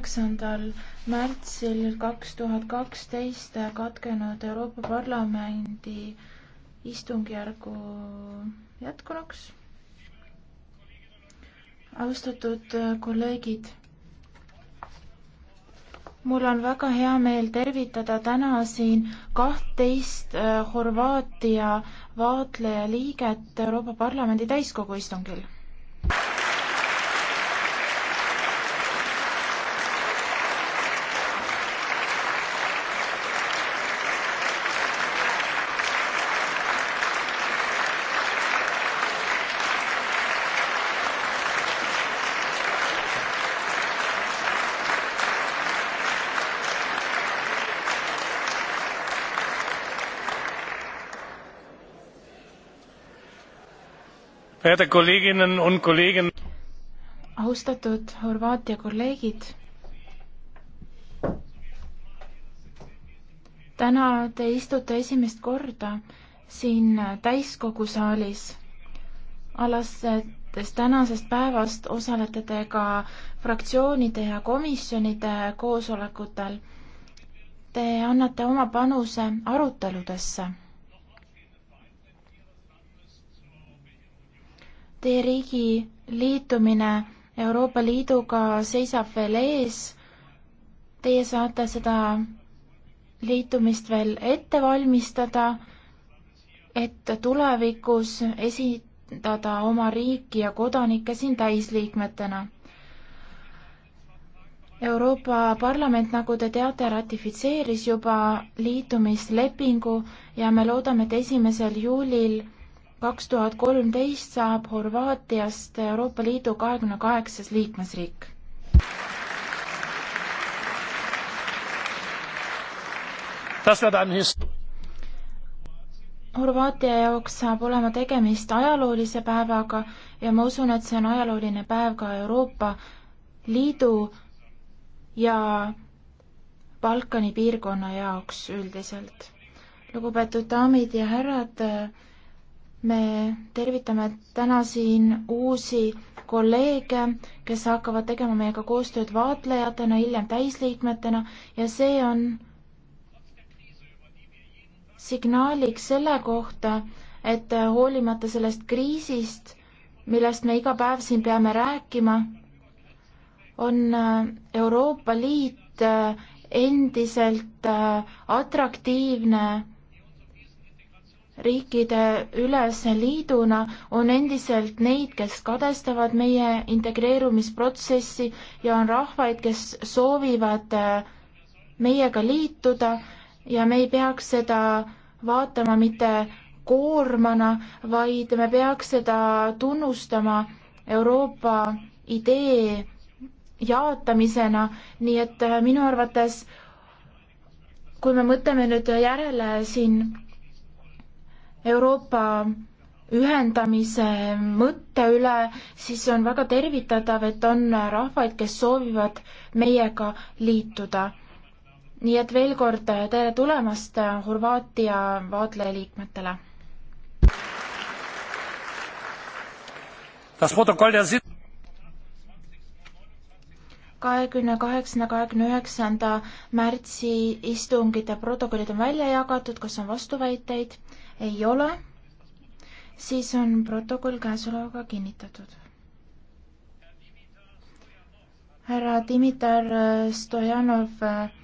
üheksandal märtsil kaks tuhat kaksteist katkenud Euroopa Parlamendi istungjärgu jätkunuks. austatud kolleegid, mul on väga hea meel tervitada täna siin kahtteist eh, Horvaatia vaatlejaliiget Euroopa Parlamendi täiskogu istungil austatud Horvaatia kolleegid. täna te istute esimest korda siin täiskogu saalis. alates tänasest päevast osalete te ka fraktsioonide ja komisjonide koosolekutel. Te annate oma panuse aruteludesse Teie riigi liitumine Euroopa Liiduga seisab veel ees. Teie saate seda liitumist veel ette valmistada, et tulevikus esindada oma riiki ja kodanikke siin täisliikmetena. Euroopa Parlament, nagu te teate, ratifitseeris juba liitumislepingu ja me loodame, et esimesel juulil kaks tuhat kolmteist saab Horvaatiast Euroopa Liidu kahekümne kaheksas liikmesriik. Horvaatia jaoks saab olema tegemist ajaloolise päevaga ja ma usun, et see on ajalooline päev ka Euroopa Liidu ja Balkani piirkonna jaoks üldiselt. lugupeetud daamid ja härrad, me tervitame täna siin uusi kolleege, kes hakkavad tegema meiega koostööd vaatlejatena, hiljem täisliikmetena ja see on signaaliks selle kohta, et hoolimata sellest kriisist, millest me iga päev siin peame rääkima, on Euroopa Liit endiselt atraktiivne riikide ülese liiduna on endiselt neid, kes kadestavad meie integreerumisprotsessi ja on rahvaid, kes soovivad äh, meiega liituda ja me ei peaks seda vaatama mitte koormana, vaid me peaks seda tunnustama Euroopa idee jaotamisena, nii et äh, minu arvates kui me mõtleme nüüd järele siin Euroopa ühendamise mõtte üle, siis on väga tervitatav, et on rahvaid, kes soovivad meiega liituda. nii et veel kord tere tulemast Horvaatia vaatlejaliikmetele kahekümne kaheksanda, kahekümne üheksanda märtsi istungite protokollid on välja jagatud, kas on vastuväiteid? ei ole. siis on protokoll käesolevaga kinnitatud. härra Dimitar Stojanov